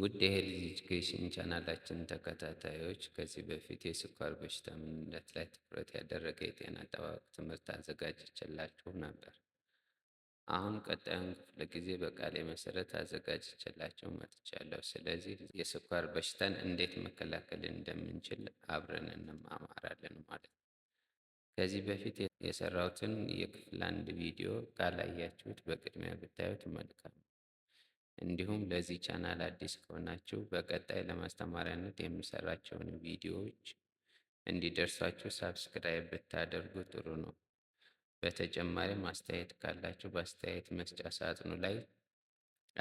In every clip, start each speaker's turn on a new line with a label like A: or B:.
A: ውድ የሄልዝ ኤጁኬሽን ቻናላችን ተከታታዮች ከዚህ በፊት የስኳር በሽታ ምንነት ላይ ትኩረት ያደረገ የጤና አጠባበቅ ትምህርት አዘጋጅችላችሁ ነበር። አሁን ቀጣዩን ክፍለ ጊዜ በቃሌ መሰረት አዘጋጅቼላችሁ መጥቻለሁ። ስለዚህ የስኳር በሽታን እንዴት መከላከል እንደምንችል አብረን እንማማራለን ማለት ነው። ከዚህ በፊት የሰራሁትን የክፍል አንድ ቪዲዮ ካላያችሁት በቅድሚያ ብታዩት መልካም እንዲሁም ለዚህ ቻናል አዲስ ከሆናችሁ በቀጣይ ለማስተማሪያነት የሚሰራቸውን ቪዲዮዎች እንዲደርሷችሁ ሳብስክራይብ ብታደርጉ ጥሩ ነው። በተጨማሪም አስተያየት ካላችሁ በአስተያየት መስጫ ሳጥኑ ላይ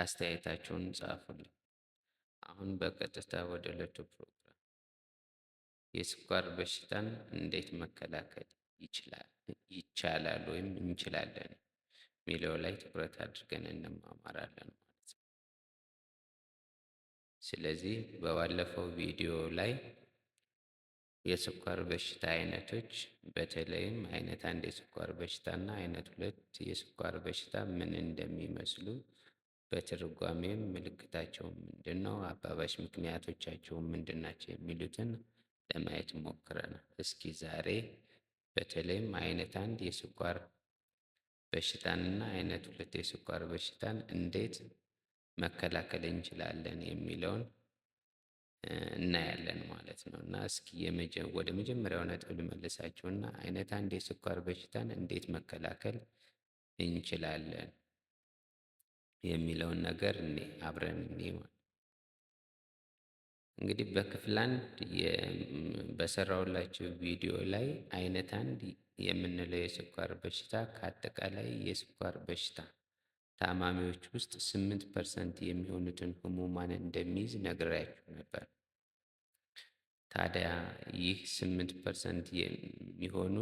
A: አስተያየታችሁን ጻፉልን። አሁን በቀጥታ ወደ ዕለቱ ፕሮግራም፣ የስኳር በሽታን እንዴት መከላከል ይቻላል ወይም እንችላለን የሚለው ላይ ትኩረት አድርገን እንማማራለን። ስለዚህ በባለፈው ቪዲዮ ላይ የስኳር በሽታ አይነቶች በተለይም አይነት አንድ የስኳር በሽታ እና አይነት ሁለት የስኳር በሽታ ምን እንደሚመስሉ በትርጓሜም ምልክታቸው ምንድን ነው፣ አባባሽ ምክንያቶቻቸው ምንድን ናቸው የሚሉትን ለማየት ሞክረናል። እስኪ ዛሬ በተለይም አይነት አንድ የስኳር በሽታን እና አይነት ሁለት የስኳር በሽታን እንዴት መከላከል እንችላለን የሚለውን እናያለን ማለት ነው። እና እስኪ ወደ መጀመሪያው ነጥብ እና አይነት አንድ የስኳር በሽታን እንዴት መከላከል እንችላለን የሚለውን ነገር እኔ አብረን እኔ እንግዲህ በክፍል አንድ በሰራውላችሁ ቪዲዮ ላይ አይነት አንድ የምንለው የስኳር በሽታ ከአጠቃላይ የስኳር በሽታ ታማሚዎች ውስጥ ስምንት ፐርሰንት የሚሆኑትን ህሙማን እንደሚይዝ ነግሬያችሁ ነበር። ታዲያ ይህ ስምንት ፐርሰንት የሚሆኑ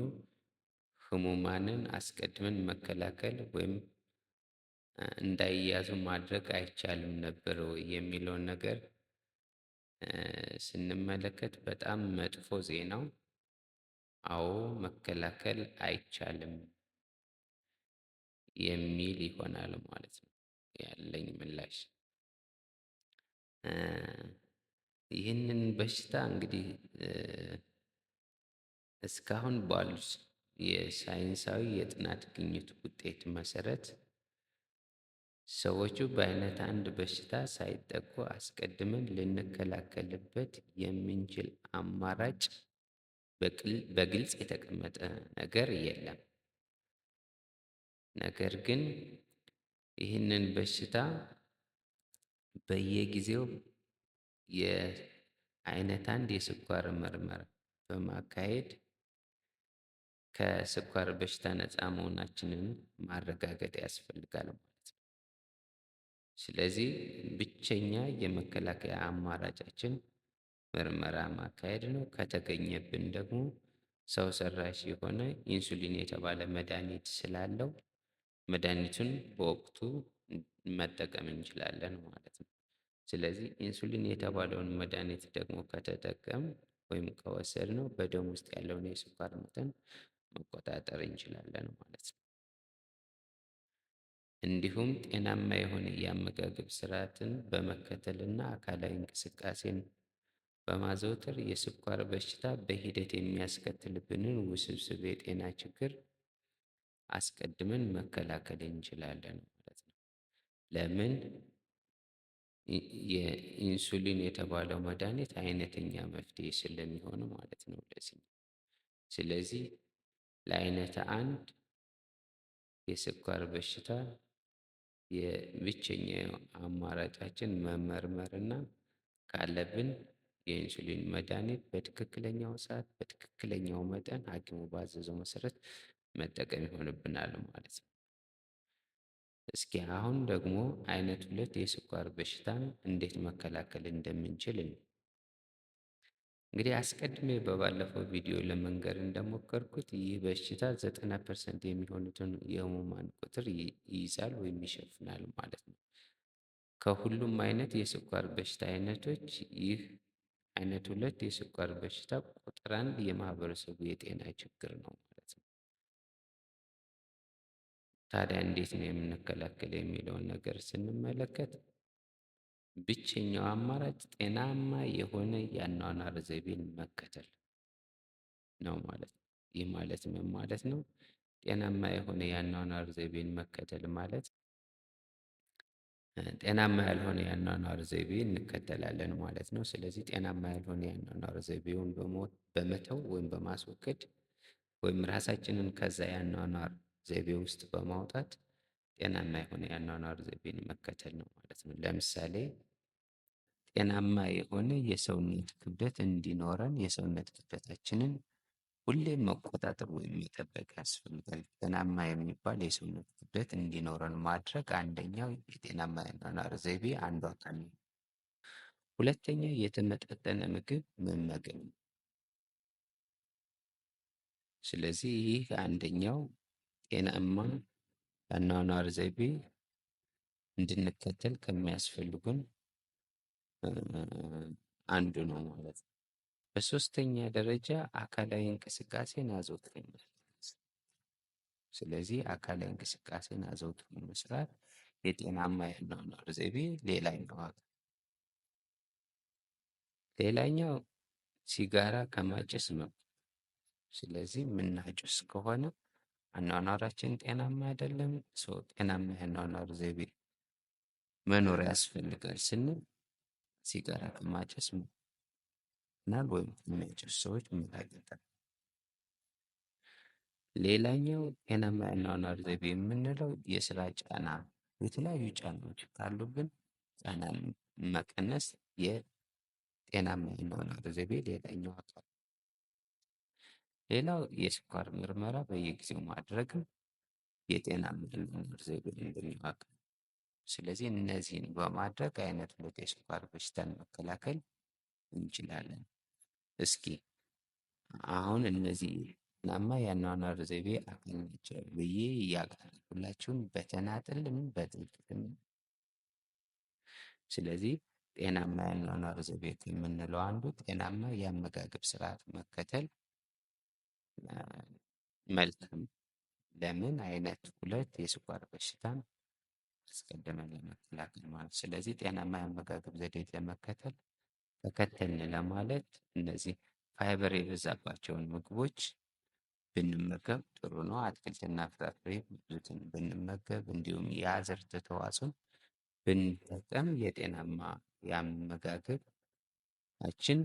A: ህሙማንን አስቀድመን መከላከል ወይም እንዳይያዙ ማድረግ አይቻልም ነበር የሚለውን ነገር ስንመለከት በጣም መጥፎ ዜናው አዎ መከላከል አይቻልም። የሚል ይሆናል ማለት ነው ያለኝ ምላሽ። ይህንን በሽታ እንግዲህ እስካሁን ባሉት የሳይንሳዊ የጥናት ግኝት ውጤት መሰረት ሰዎቹ በአይነት አንድ በሽታ ሳይጠቁ አስቀድመን ልንከላከልበት የምንችል አማራጭ በግልጽ የተቀመጠ ነገር የለም። ነገር ግን ይህንን በሽታ በየጊዜው የአይነት አንድ የስኳር ምርመራ በማካሄድ ከስኳር በሽታ ነፃ መሆናችንን ማረጋገጥ ያስፈልጋል ማለት ነው። ስለዚህ ብቸኛ የመከላከያ አማራጫችን ምርመራ ማካሄድ ነው። ከተገኘብን ደግሞ ሰው ሰራሽ የሆነ ኢንሱሊን የተባለ መድኃኒት ስላለው መድኃኒቱን በወቅቱ መጠቀም እንችላለን ማለት ነው። ስለዚህ ኢንሱሊን የተባለውን መድኃኒት ደግሞ ከተጠቀም ወይም ከወሰድ ነው በደም ውስጥ ያለውን የስኳር መጠን መቆጣጠር እንችላለን ማለት ነው። እንዲሁም ጤናማ የሆነ የአመጋገብ ስርዓትን በመከተልና አካላዊ እንቅስቃሴን በማዘውተር የስኳር በሽታ በሂደት የሚያስከትልብንን ውስብስብ የጤና ችግር አስቀድመን መከላከል እንችላለን ማለት ነው። ለምን የኢንሱሊን የተባለው መድኃኒት አይነተኛ መፍትሄ ስለሚሆን ማለት ነው ለዚህ ስለዚህ ለአይነተ አንድ የስኳር በሽታ የብቸኛ አማራጫችን መመርመርና ካለብን የኢንሱሊን መድኃኒት በትክክለኛው ሰዓት በትክክለኛው መጠን ሐኪሙ ባዘዘው መሰረት መጠቀም ይሆንብናል ማለት ነው። እስኪ አሁን ደግሞ አይነት ሁለት የስኳር በሽታን እንዴት መከላከል እንደምንችል ነው። እንግዲህ አስቀድሜ በባለፈው ቪዲዮ ለመንገር እንደሞከርኩት ይህ በሽታ ዘጠና ፐርሰንት የሚሆኑትን የህሙማን ቁጥር ይይዛል ወይም ይሸፍናል ማለት ነው። ከሁሉም አይነት የስኳር በሽታ አይነቶች ይህ አይነት ሁለት የስኳር በሽታ ቁጥር አንድ የማህበረሰቡ የጤና ችግር ነው ታዲያ እንዴት ነው የምንከላከል የሚለውን ነገር ስንመለከት ብቸኛው አማራጭ ጤናማ የሆነ የአኗኗር ዘይቤን መከተል ነው ማለት ነው። ይህ ማለት ምን ማለት ነው? ጤናማ የሆነ የአኗኗር ዘይቤን መከተል ማለት ጤናማ ያልሆነ የአኗኗር ዘይቤ እንከተላለን ማለት ነው። ስለዚህ ጤናማ ያልሆነ የአኗኗር ዘይቤውን በመተው ወይም በማስወገድ ወይም ራሳችንን ከዛ የአኗኗር ዘይቤ ውስጥ በማውጣት ጤናማ የሆነ የአኗኗር ዘይቤን መከተል ነው ማለት ነው። ለምሳሌ ጤናማ የሆነ የሰውነት ክብደት እንዲኖረን የሰውነት ክብደታችንን ሁሌም መቆጣጠር ወይም መጠበቅ ያስፈልጋል። ጤናማ የሚባል የሰውነት ክብደት እንዲኖረን ማድረግ አንደኛው የጤናማ የአኗኗር ዘይቤ አንዱ አካል ነው። ሁለተኛ የተመጣጠነ ምግብ መመገብ ነው። ስለዚህ ይህ አንደኛው ጤናማ የአኗኗር ዘይቤ እንድንከተል ከሚያስፈልጉን አንዱ ነው ማለት ነው። በሶስተኛ ደረጃ አካላዊ እንቅስቃሴን አዘውትሮ መስራት። ስለዚህ አካላዊ እንቅስቃሴን አዘውትሮ መስራት የጤናማ የአኗኗር ዘይቤ ሌላኛው አካል ሌላኛው ሲጋራ ከማጨስ ነው። ስለዚህ የምናጭስ ከሆነ አኗኗራችን ጤናማ አይደለም። ጤናማ የአኗኗር ዘይቤ መኖር ያስፈልጋል ስንል ሲጋራ ከማጨስ እና ወይም ከሚያጨሱ ሰዎች መላቀቅ። ሌላኛው ጤናማ የአኗኗር ዘይቤ የምንለው የስራ ጫና፣ የተለያዩ ጫናዎች ካሉብን ጫናን መቀነስ የጤናማ የአኗኗር ዘይቤ ሌላኛው አካል ሌላው የስኳር ምርመራ በየጊዜው ማድረግ የጤና ምርምር ዘይቤን እንደሚያዋቅር ነው። ስለዚህ እነዚህን በማድረግ አይነት ሁለት የስኳር በሽታን መከላከል እንችላለን። እስኪ አሁን እነዚህ ናማ የአኗኗር ዘይቤ አካል ናቸው ብዬ ያቀረብኩላችሁን በተናጥልም በጥልቅም። ስለዚህ ጤናማ የአኗኗር ዘይቤ የምንለው አንዱ ጤናማ የአመጋገብ ስርዓት መከተል መልካም ለምን አይነት ሁለት የስኳር በሽታን አስቀድመን ለመከላከል ማለት ስለዚህ ጤናማ የአመጋገብ ዘዴት ለመከተል ተከተልን ለማለት እነዚህ ፋይበር የበዛባቸውን ምግቦች ብንመገብ ጥሩ ነው። አትክልትና ፍራፍሬ ብዙትን ብንመገብ እንዲሁም የአዝርት ተዋጽኦን ብንጠቀም የጤናማ አችን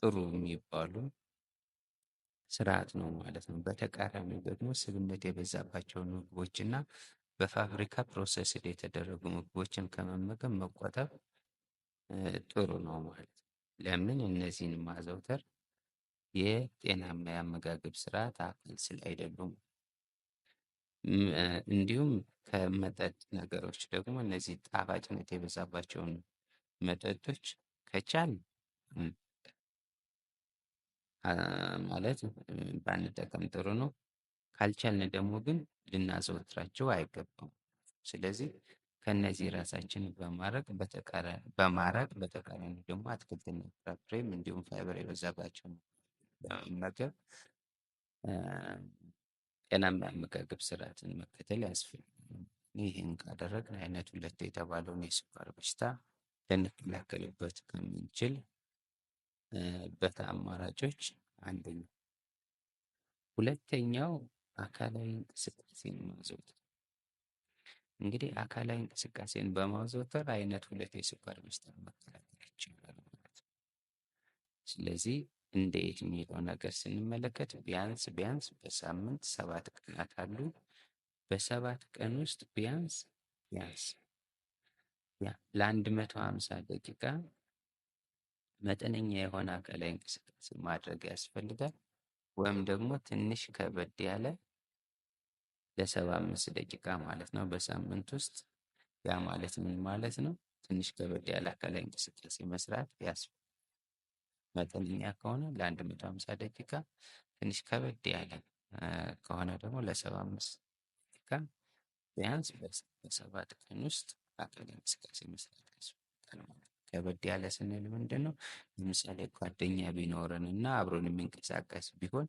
A: ጥሩ የሚባሉ ስርዓት ነው ማለት ነው። በተቃራኒ ደግሞ ስብነት የበዛባቸውን ምግቦችና በፋብሪካ ፕሮሰስ የተደረጉ ምግቦችን ከመመገብ መቆጠብ ጥሩ ነው ማለት ነው። ለምን እነዚህን ማዘውተር የጤናማ የአመጋገብ ስርዓት አካል አይደሉም። እንዲሁም ከመጠጥ ነገሮች ደግሞ እነዚህ ጣፋጭነት የበዛባቸውን መጠጦች ከቻል ማለት ባንጠቀም ጥሩ ነው። ካልቻልን ደግሞ ግን ልናዘወትራቸው አይገባም። ስለዚህ ከነዚህ ራሳችን በማረቅ በማራቅ በተቃራኒ ደግሞ አትክልትና ፍራፍሬም እንዲሁም ፋይበር የበዛባቸው በመመገብ ጤናማ የአመጋገብ ስርዓትን መከተል ያስፈልጋል። ይህን ካደረግን አይነት ሁለት የተባለውን የስኳር በሽታ ልንከላከልበት ከምንችል በት አማራጮች አንደኛው። ሁለተኛው አካላዊ እንቅስቃሴን ማዘውተር እንግዲህ አካላዊ እንቅስቃሴን በማዘውተር አይነት ሁለት የስኳር በሽታን መከላከል ይቻላል ማለት ነው። ስለዚህ እንዴት የሚለው ነገር ስንመለከት ቢያንስ ቢያንስ በሳምንት ሰባት ቀናት አሉ። በሰባት ቀን ውስጥ ቢያንስ ቢያንስ ለአንድ መቶ ሀምሳ ደቂቃ መጠነኛ የሆነ አካላዊ እንቅስቃሴ ማድረግ ያስፈልጋል። ወይም ደግሞ ትንሽ ከበድ ያለ ለሰባ አምስት ደቂቃ ማለት ነው በሳምንት ውስጥ። ያ ማለት ምን ማለት ነው? ትንሽ ከበድ ያለ አካላዊ እንቅስቃሴ መስራት ያስፈልጋል። መጠነኛ ከሆነ ለአንድ መቶ ሀምሳ ደቂቃ፣ ትንሽ ከበድ ያለ ከሆነ ደግሞ ለሰባ አምስት ደቂቃ ቢያንስ በሰባት ቀን ውስጥ አካላዊ እንቅስቃሴ መስራት ያስፈልጋል ማለት ነው። ከበድ ያለ ስንል ምንድን ነው? ለምሳሌ ጓደኛ ቢኖረን እና አብሮን የሚንቀሳቀስ ቢሆን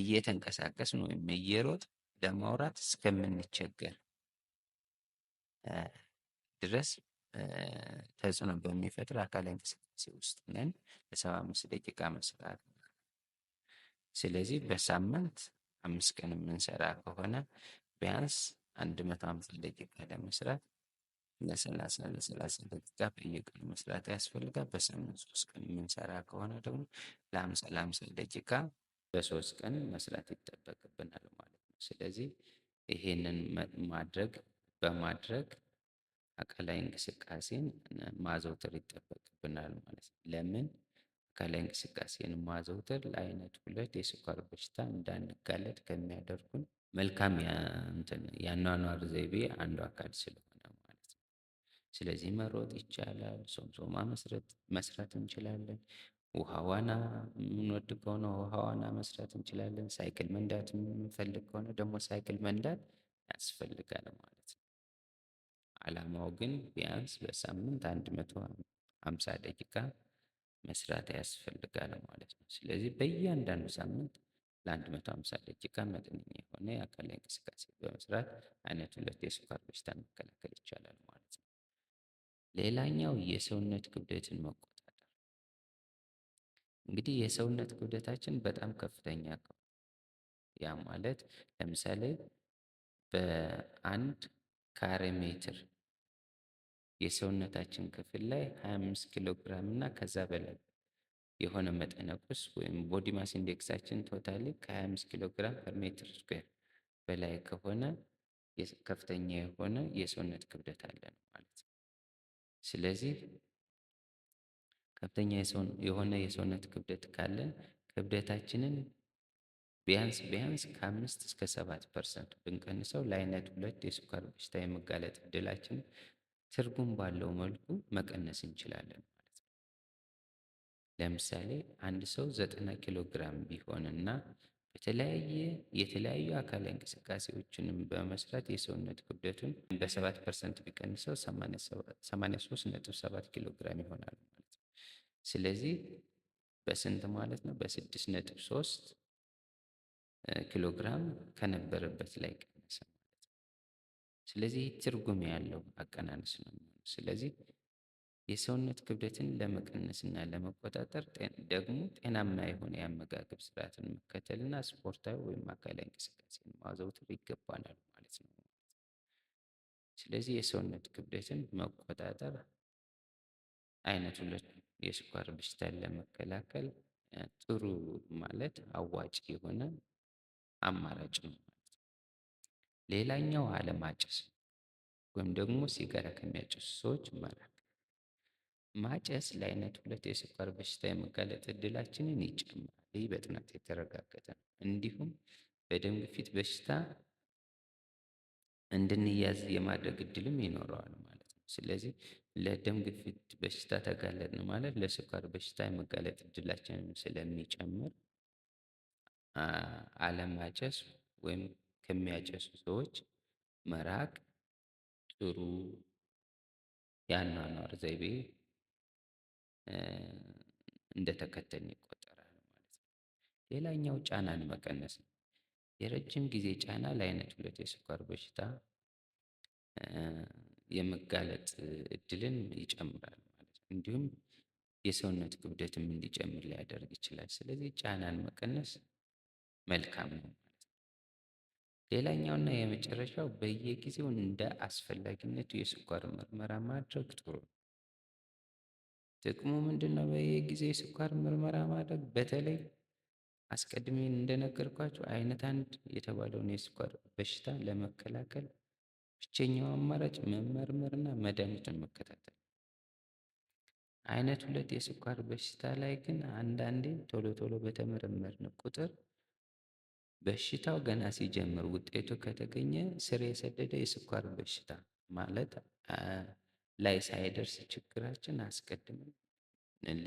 A: እየተንቀሳቀስን ወይም እየሮጥ ለማውራት እስከምንቸገር ድረስ ተጽዕኖ በሚፈጥር አካል እንቅስቃሴ ውስጥ ነን። ለሰባ አምስት ደቂቃ መስራት ስለዚህ በሳምንት አምስት ቀን የምንሰራ ከሆነ ቢያንስ አንድ መቶ አምስት ደቂቃ ለመስራት ለሰላሳ ለሰላሳ ደቂቃ በየቀኑ መስራት ያስፈልጋል። በሳምንት ሶስት ቀን የምንሰራ ከሆነ ደግሞ ለሀምሳ ለሀምሳ ደቂቃ በሶስት ቀን መስራት ይጠበቅብናል ማለት ነው። ስለዚህ ይሄንን ማድረግ በማድረግ አካላዊ እንቅስቃሴን ማዘውተር ይጠበቅብናል ማለት ነው። ለምን አካላዊ እንቅስቃሴን ማዘውተር ለአይነት ሁለት የስኳር በሽታ እንዳንጋለጥ ከሚያደርጉን መልካም የአኗኗር ዘይቤ አንዱ አካል ስለሆነ ስለዚህ መሮጥ ይቻላል። ሶምሶማ መስራት እንችላለን። ውሃ ዋና የምንወድ ከሆነ ውሃ ዋና መስራት እንችላለን። ሳይክል መንዳት የምንፈልግ ከሆነ ደግሞ ሳይክል መንዳት ያስፈልጋል ማለት ነው። አላማው ግን ቢያንስ በሳምንት አንድ መቶ ሀምሳ ደቂቃ መስራት ያስፈልጋል ማለት ነው። ስለዚህ በእያንዳንዱ ሳምንት ለአንድ መቶ ሀምሳ ደቂቃ መጠነኛ የሆነ የአካላዊ እንቅስቃሴ በመስራት አይነት ሁለት የስኳር በሽታን መከላከል ይቻላል ማለት ነው። ሌላኛው የሰውነት ክብደትን መቆጣጠር እንግዲህ የሰውነት ክብደታችን በጣም ከፍተኛ ከሆነ ያ ማለት ለምሳሌ በአንድ ካሬ ሜትር የሰውነታችን ክፍል ላይ 25 ኪሎ ግራም እና ከዛ በላይ የሆነ መጠነ ቁስ ወይም ቦዲ ማስ ኢንዴክሳችን ቶታሊ ከ25 ኪሎ ግራም ፐር ሜትር ስኩዌር በላይ ከሆነ ከፍተኛ የሆነ የሰውነት ክብደት አለ ነው። ስለዚህ ከፍተኛ የሆነ የሰውነት ክብደት ካለን ክብደታችንን ቢያንስ ቢያንስ ከአምስት እስከ ሰባት ፐርሰንት ብንቀንሰው ለአይነት ሁለት የስኳር በሽታ የመጋለጥ እድላችን ትርጉም ባለው መልኩ መቀነስ እንችላለን ማለት ነው። ለምሳሌ አንድ ሰው ዘጠና ኪሎ ግራም ቢሆንና በተለያየ የተለያዩ አካል እንቅስቃሴዎችንም በመስራት የሰውነት ክብደቱን በሰባት ፐርሰንት ቢቀንሰው ሰማንያ ሶስት ነጥብ ሰባት ኪሎ ግራም ይሆናል ማለት ነው። ስለዚህ በስንት ማለት ነው? በስድስት ነጥብ ሶስት ኪሎ ግራም ከነበረበት ላይ ቀነሰ ማለት ነው። ስለዚህ ትርጉም ያለው አቀናነስ ነው። ስለዚህ የሰውነት ክብደትን ለመቀነስና ለመቆጣጠር ደግሞ ጤናማ የሆነ የአመጋገብ ስርዓትን መከተልና ስፖርታዊ ወይም አካላዊ እንቅስቃሴን ማዘውትር ይገባናል ማለት ነው። ስለዚህ የሰውነት ክብደትን መቆጣጠር አይነት ሁለት የስኳር በሽታን ለመከላከል ጥሩ ማለት አዋጭ የሆነ አማራጭ ነው ማለት ነው። ሌላኛው አለማጨስ ወይም ደግሞ ሲጋራ ከሚያጨሱ ሰዎች መራቅ ማጨስ ለአይነት ሁለት የስኳር በሽታ የመጋለጥ እድላችንን ይጨምራል። ይህ በጥናት የተረጋገጠ ነው። እንዲሁም በደም ግፊት በሽታ እንድንያዝ የማድረግ እድልም ይኖረዋል ማለት ነው። ስለዚህ ለደም ግፊት በሽታ ተጋለጥን ማለት ለስኳር በሽታ የመጋለጥ እድላችንን ስለሚጨምር አለማጨስ ወይም ከሚያጨሱ ሰዎች መራቅ ጥሩ የአኗኗር ዘይቤ ተከተል ይቆጠራል ማለት ነው። ሌላኛው ጫናን መቀነስ ነው። የረጅም ጊዜ ጫና ለአይነት ሁለት የስኳር በሽታ የመጋለጥ እድልን ይጨምራል ማለት ነው። እንዲሁም የሰውነት ክብደትም እንዲጨምር ሊያደርግ ይችላል። ስለዚህ ጫናን መቀነስ መልካም ነው ማለት ነው። ሌላኛውና የመጨረሻው በየጊዜው እንደ አስፈላጊነቱ የስኳር ምርመራ ማድረግ ጥሩ ነው። ጥቅሙ ምንድን ነው? በየጊዜ ስኳር ምርመራ ማድረግ በተለይ አስቀድሜ እንደነገርኳቸው አይነት አንድ የተባለውን የስኳር በሽታ ለመከላከል ብቸኛው አማራጭ መመርመርና መድኃኒቱን መከታተል። አይነት ሁለት የስኳር በሽታ ላይ ግን አንዳንዴ ቶሎ ቶሎ በተመረመርን ቁጥር በሽታው ገና ሲጀምር ውጤቱ ከተገኘ ስር የሰደደ የስኳር በሽታ ማለት ላይ ሳይደርስ ችግራችን አስቀድመን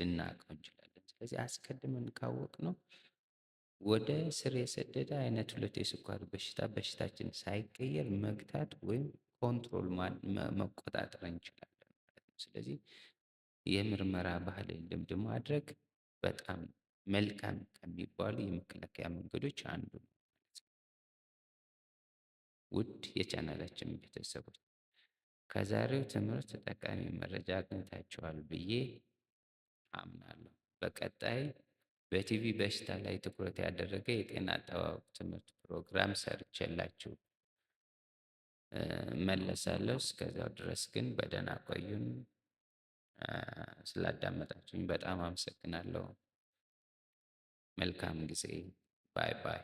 A: ልናውቀው እንችላለን። ስለዚህ አስቀድመን ካወቅ ነው ወደ ስር የሰደደ አይነት ሁለት የስኳር በሽታ በሽታችን ሳይቀየር መግታት ወይም ኮንትሮል መቆጣጠር እንችላለን ማለት ነው። ስለዚህ የምርመራ ባህል ልምድ ማድረግ በጣም መልካም ከሚባሉ የመከላከያ መንገዶች አንዱ ነው። ውድ የቻናላችን ቤተሰቦች ከዛሬው ትምህርት ጠቃሚ መረጃ አግኝታችኋል ብዬ አምናለሁ። በቀጣይ በቲቪ በሽታ ላይ ትኩረት ያደረገ የጤና አጠባበቅ ትምህርት ፕሮግራም ሰርቼላችሁ መለሳለሁ። እስከዚያው ድረስ ግን በደህና ቆዩን። ስላዳመጣችሁኝ በጣም አመሰግናለሁ። መልካም ጊዜ። ባይ ባይ።